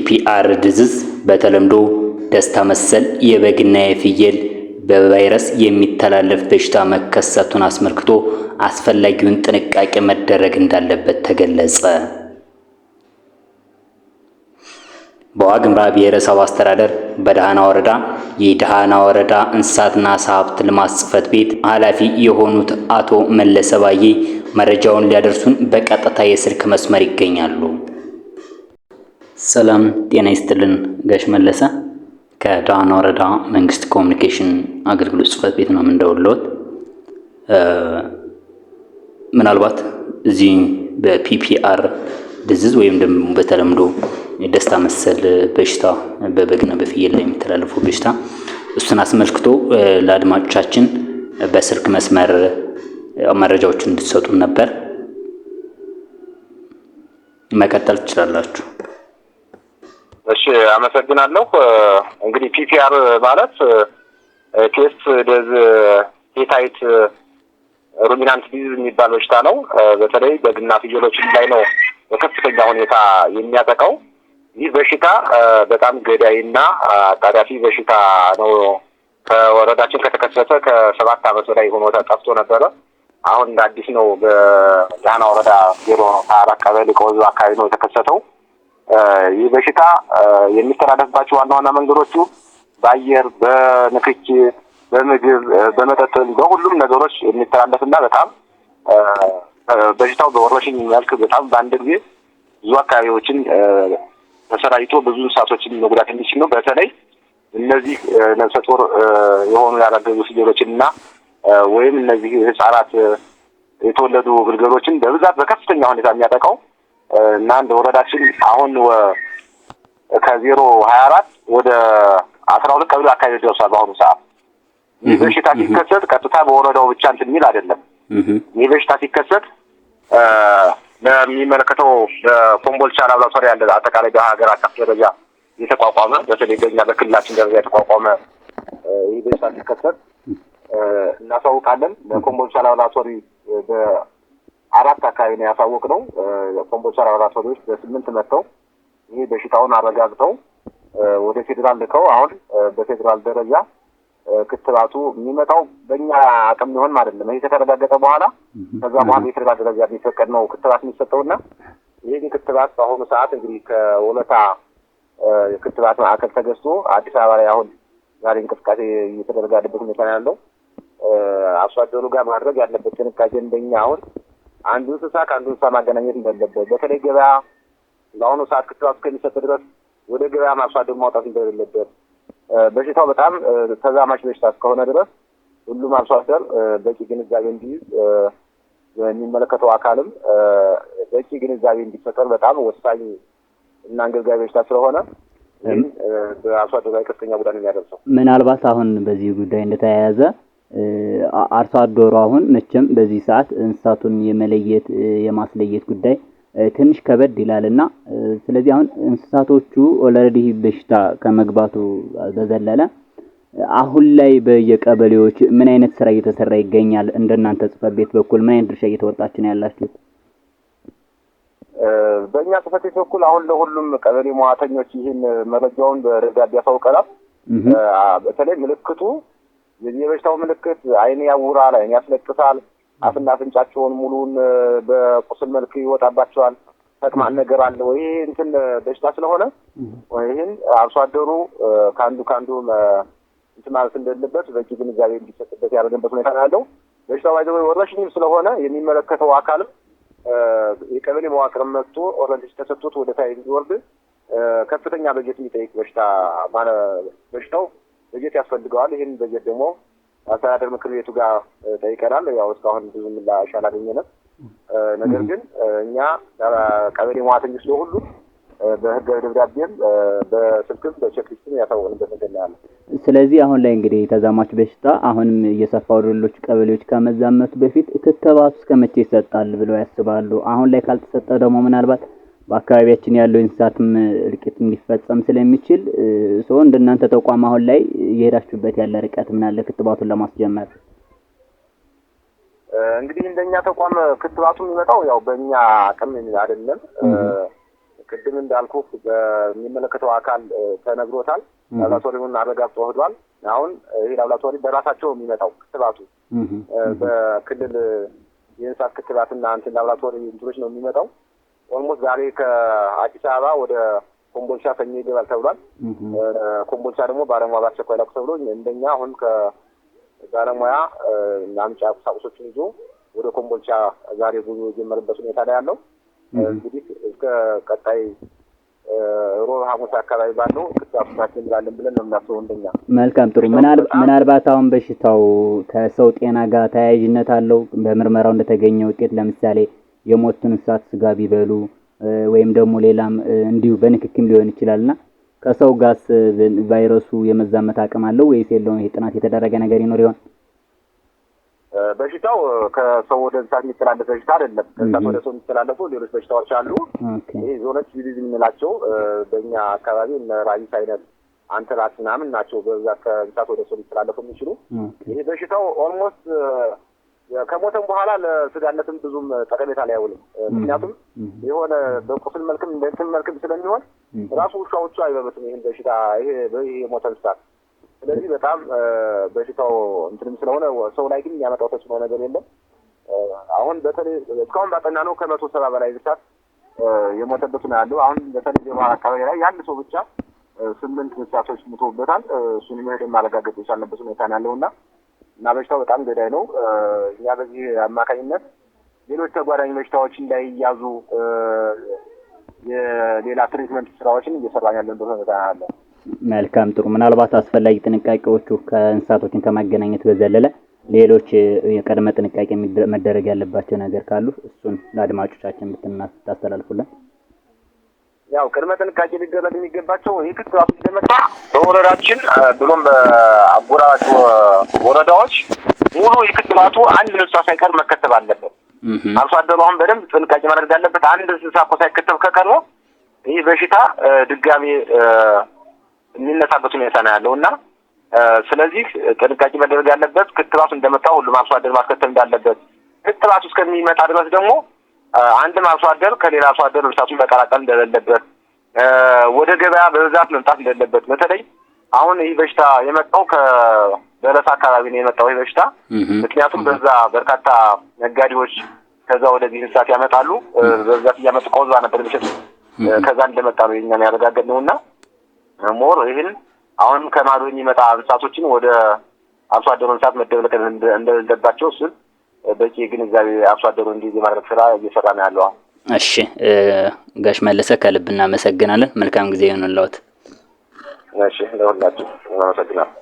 ፒፒአር ድዝዝ በተለምዶ ደስታ መሰል የበግና የፍየል በቫይረስ የሚተላለፍ በሽታ መከሰቱን አስመልክቶ አስፈላጊውን ጥንቃቄ መደረግ እንዳለበት ተገለጸ። በዋግምራ ብሔረሰብ አስተዳደር በደሃና ወረዳ የደሃና ወረዳ እንስሳትና ዓሳ ሀብት ልማት ጽሕፈት ቤት ኃላፊ የሆኑት አቶ መለሰ ባዬ መረጃውን ሊያደርሱን በቀጥታ የስልክ መስመር ይገኛሉ። ሰላም ጤና ይስጥልን። ጋሽ መለሰ ከዳዋና ወረዳ መንግስት ኮሚኒኬሽን አገልግሎት ጽህፈት ቤት ነው የምንደውልዎት። ምናልባት እዚህ በፒፒአር ድዝዝ ወይም ደግሞ በተለምዶ ደስታ መሰል በሽታ በበግና በፍየል ላይ የሚተላለፉ በሽታ እሱን አስመልክቶ ለአድማጮቻችን በስልክ መስመር መረጃዎችን እንድትሰጡን ነበር። መቀጠል ትችላላችሁ። እሺ አመሰግናለሁ። እንግዲህ ፒፒአር ማለት ቴስት ደዝ ሄታይት ሩሚናንት ዲዝ የሚባል በሽታ ነው። በተለይ በግና ፍየሎች ላይ ነው በከፍተኛ ሁኔታ የሚያጠቃው። ይህ በሽታ በጣም ገዳይና አጣዳፊ በሽታ ነው። ከወረዳችን ከተከሰተ ከሰባት አመት በላይ ሆኖ ጠፍቶ ነበረ። አሁን እንደ አዲስ ነው። በዳህና ወረዳ ዜሮ አራት ቀበሌ አካባቢ ነው የተከሰተው። ይህ በሽታ የሚተላለፍባቸው ዋና ዋና መንገዶቹ በአየር፣ በንክኪ፣ በምግብ፣ በመጠጥ፣ በሁሉም ነገሮች የሚተላለፍና በጣም በሽታው በወረሽኝ መልክ በጣም በአንድ ጊዜ ብዙ አካባቢዎችን ተሰራጭቶ ብዙ እንስሳቶችን መጉዳት የሚችል ነው። በተለይ እነዚህ ነፍሰ ጡር የሆኑ ያላገዙ ፍየሎችን እና ወይም እነዚህ ህጻናት የተወለዱ ግልገሎችን በብዛት በከፍተኛ ሁኔታ የሚያጠቃው እና እንደ ወረዳችን አሁን ከዜሮ ሀያ አራት ወደ አስራ ሁለት ቀበሌ አካባቢ ደርሷል። በአሁኑ ሰዓት ይህ በሽታ ሲከሰት ቀጥታ በወረዳው ብቻ እንትን የሚል አይደለም። ይህ በሽታ ሲከሰት ለሚመለከተው በኮምቦልቻ ላብራቶሪ ያለ አጠቃላይ በሀገር አቀፍ ደረጃ የተቋቋመ በተለይ በኛ በክልላችን ደረጃ የተቋቋመ ይህ በሽታ ሲከሰት እናሳውቃለን። ለኮምቦልቻ ላብራቶሪ አራት አካባቢ ነው ያሳወቅ ነው የኮምቦልቻ ላቦራቶሪዎች በስምንት መጥተው ይህ በሽታውን አረጋግተው ወደ ፌዴራል ልከው አሁን በፌዴራል ደረጃ ክትባቱ የሚመጣው በእኛ አቅም ሊሆን ማለት ነው። ይህ ከተረጋገጠ በኋላ ከዛ በኋላ የፌዴራል ደረጃ የሚፈቀድ ነው ክትባት የሚሰጠውና ይህን ክትባት በአሁኑ ሰዓት እንግዲህ ከወለታ ክትባት ማዕከል ተገዝቶ አዲስ አበባ ላይ አሁን ዛሬ እንቅስቃሴ እየተደረገ ያለበት ሁኔታ ነው ያለው። አርሶ አደሩ ጋር ማድረግ ያለበት ጥንቃቄ እንደኛ አሁን አንዱ እንስሳ ከአንዱ እንስሳ ማገናኘት እንደለበት በተለይ ገበያ በአሁኑ ሰዓት ክትባት እስከሚሰጥ ድረስ ወደ ገበያ ማርሶ ማውጣት እንደሌለበት፣ በሽታው በጣም ተዛማች በሽታ እስከሆነ ድረስ ሁሉም አርሶ በቂ ግንዛቤ እንዲይዝ የሚመለከተው አካልም በቂ ግንዛቤ እንዲፈጠር በጣም ወሳኝ እና አንገብጋቢ በሽታ ስለሆነ በአርሶ አደሩ ላይ ከፍተኛ ጉዳት የሚያደርሰው ምናልባት አሁን በዚህ ጉዳይ እንደተያያዘ አርሶ አደሩ አሁን መቼም በዚህ ሰዓት እንስሳቱን የመለየት የማስለየት ጉዳይ ትንሽ ከበድ ይላል እና ስለዚህ አሁን እንስሳቶቹ ኦልሬዲ በሽታ ከመግባቱ በዘለለ አሁን ላይ በየቀበሌዎች ምን አይነት ስራ እየተሰራ ይገኛል? እንደናንተ ጽሕፈት ቤት በኩል ምን አይነት ድርሻ እየተወጣች ነው ያላችሁት? በእኛ ጽሕፈት ቤት በኩል አሁን ለሁሉም ቀበሌ መዋተኞች ይህን መረጃውን በደብዳቤ ያሳውቀናል። በተለይ ምልክቱ የዚህ የበሽታው ምልክት አይን ያውራል፣ አይን ያስለቅሳል፣ አፍና አፍንጫቸውን ሙሉን በቁስል መልክ ይወጣባቸዋል። ተቅማጥ ነገር አለ ወይ? እንትን በሽታ ስለሆነ ይህን አርሶ አደሩ ከአንዱ ከአንዱ እንትን ማለት እንደሌለበት በቂ ግንዛቤ እንዲሰጥበት ያደረገበት ሁኔታ ነው ያለው። በሽታው ባይዘ ወረርሽኝም ስለሆነ የሚመለከተው አካልም የቀበሌ መዋቅር መጥቶ ኦረንቴሽን ተሰጥቶት ወደ ታይ እንዲወርድ ከፍተኛ በጀት የሚጠይቅ በሽታ በሽታው በጀት ያስፈልገዋል። ይህን በጀት ደግሞ አስተዳደር ምክር ቤቱ ጋር ጠይቀናል። ያው እስካሁን ብዙ ምላሽ አላገኘንም። ነገር ግን እኛ ቀበሌ መዋተኞች ስለሁሉ በህገ ደብዳቤም በስልክም በቼክሊስትም ያሳወቅንበት ነገር ያለ። ስለዚህ አሁን ላይ እንግዲህ ተዛማች በሽታ አሁንም እየሰፋ ወደ ሌሎች ቀበሌዎች ከመዛመቱ በፊት ክትባቱ እስከ መቼ ይሰጣል ብለው ያስባሉ? አሁን ላይ ካልተሰጠ ደግሞ ምናልባት በአካባቢያችን ያለው እንስሳትም እልቂት እንዲፈጸም ስለሚችል ሰው እንደናንተ ተቋም አሁን ላይ እየሄዳችሁበት ያለ ርቀት ምን አለ ክትባቱን ለማስጀመር? እንግዲህ እንደኛ ተቋም ክትባቱ የሚመጣው ያው በእኛ አቅም አይደለም። ቅድም እንዳልኩ በሚመለከተው አካል ተነግሮታል። ላብራቶሪውን አረጋግጦ ወህዷል። አሁን ይሄ ላብራቶሪ በራሳቸው የሚመጣው ክትባቱ በክልል የእንስሳት ክትባትና እንትን ላብራቶሪ እንትኖች ነው የሚመጣው ኦልሞስት ዛሬ ከአዲስ አበባ ወደ ኮምቦልቻ ሰኞ ይገባል ተብሏል። ኮምቦልቻ ደግሞ ባለሙያ በአስቸኳይ ላኩ ተብሎ እንደኛ አሁን ከባለሙያ አምጫ ቁሳቁሶችን ይዞ ወደ ኮምቦልቻ ዛሬ ጉዞ የጀመርበት ሁኔታ ላይ ያለው እንግዲህ እስከ ቀጣይ ሮብ ሐሙስ አካባቢ ባለው ክትባት እንላለን ብለን ነው የምናስበው። እንደኛ መልካም ጥሩ። ምናልባት አሁን በሽታው ከሰው ጤና ጋር ተያያዥነት አለው በምርመራው እንደተገኘ ውጤት ለምሳሌ የሞቱን እንስሳት ስጋ ቢበሉ ወይም ደግሞ ሌላም እንዲሁ በንክክም ሊሆን ይችላልና ከሰው ጋርስ ቫይረሱ የመዛመት አቅም አለው ወይስ የለውም? ይሄ ጥናት የተደረገ ነገር ይኖር ይሆን? በሽታው ከሰው ወደ እንስሳት የሚተላለፍ በሽታ አይደለም። ከእንስሳት ወደ ሰው የሚተላለፉ ሌሎች በሽታዎች አሉ። ይህ ዞነች ቢሊዝ የምንላቸው በእኛ አካባቢ ራቢስ አይነት አንትራክስ ምናምን ናቸው በብዛት ከእንስሳት ወደ ሰው ሊተላለፉ የሚችሉ ይህ በሽታው ኦልሞስት ከሞተም በኋላ ለስጋነትም ብዙም ጠቀሜታ ላይ አይውልም። ምክንያቱም የሆነ በቁስል መልክም እንትን መልክም ስለሚሆን ራሱ ውሻዎቹ አይበበትም ይህን በሽታ ይሄ የሞተ እንስሳት። ስለዚህ በጣም በሽታው እንትንም ስለሆነ ሰው ላይ ግን የሚያመጣው ተጽዕኖ ነገር የለም። አሁን በተለይ እስካሁን ባጠና ነው ከመቶ ሰባ በላይ እንስሳት የሞተበት ነው ያለው። አሁን በተለይ ጀማ አካባቢ ላይ ያንድ ሰው ብቻ ስምንት እንስሳቶች ሙተውበታል። እሱን ሄደን ማረጋገጥ የቻልንበት ሁኔታ ነው ያለው እና እና በሽታው በጣም ገዳይ ነው። እኛ በዚህ አማካኝነት ሌሎች ተጓዳኝ በሽታዎች እንዳይያዙ የሌላ ትሪትመንት ስራዎችን እየሰራን ያለን ሁኔታ አለ። መልካም ጥሩ። ምናልባት አስፈላጊ ጥንቃቄዎቹ ከእንስሳቶችን ከማገናኘት በዘለለ ሌሎች የቅድመ ጥንቃቄ መደረግ ያለባቸው ነገር ካሉ እሱን ለአድማጮቻችን ብታስተላልፉልን ያው ቅድመ ጥንቃቄ ሊደረግ የሚገባቸው ይህ ክትባት ሲደመጣ በወረዳችን ብሎም በአጎራባች ወረዳዎች ሙሉ የክትባቱ አንድ እንስሳ ሳይቀር መከተብ አለበት። አርሶ አደሩ አሁን በደንብ ጥንቃቄ ማድረግ ያለበት አንድ እንስሳ እኮ ሳይከተብ ከቀረ ይህ በሽታ ድጋሜ የሚነሳበት ሁኔታ ነው ያለው እና ስለዚህ ጥንቃቄ መደረግ ያለበት ክትባቱ እንደመጣ ሁሉም አርሶ አደር ማስከተብ እንዳለበት ክትባቱ እስከሚመጣ ድረስ ደግሞ አንድም አርሶ አደር ከሌላ አርሶ አደር እርሳቱን መቀላቀል እንደሌለበት፣ ወደ ገበያ በብዛት መምጣት እንደሌለበት በተለይ አሁን ይህ በሽታ የመጣው ከበለሳ አካባቢ ነው የመጣው ይህ በሽታ። ምክንያቱም በዛ በርካታ ነጋዴዎች ከዛ ወደዚህ እንስሳት ያመጣሉ። በብዛት እያመጡ ከወዛ ነበር ምሽት ከዛ እንደመጣ ነው የኛም ያረጋገጥ ነው እና ሞር ይህን አሁንም ከማዶ የሚመጣ እንስሳቶችን ወደ አርሶ አደሩ እንስሳት መደበለቀ እንደሌለባቸው እሱን በቂ ግንዛቤ አርሶ አደሩ እንዲህ የማድረግ ስራ እየሰራ ነው ያለው። እሺ ጋሽ መለሰ ከልብ እናመሰግናለን። መልካም ጊዜ ይሆንልዎት። እሺ ለሁላችሁ እናመሰግናለን።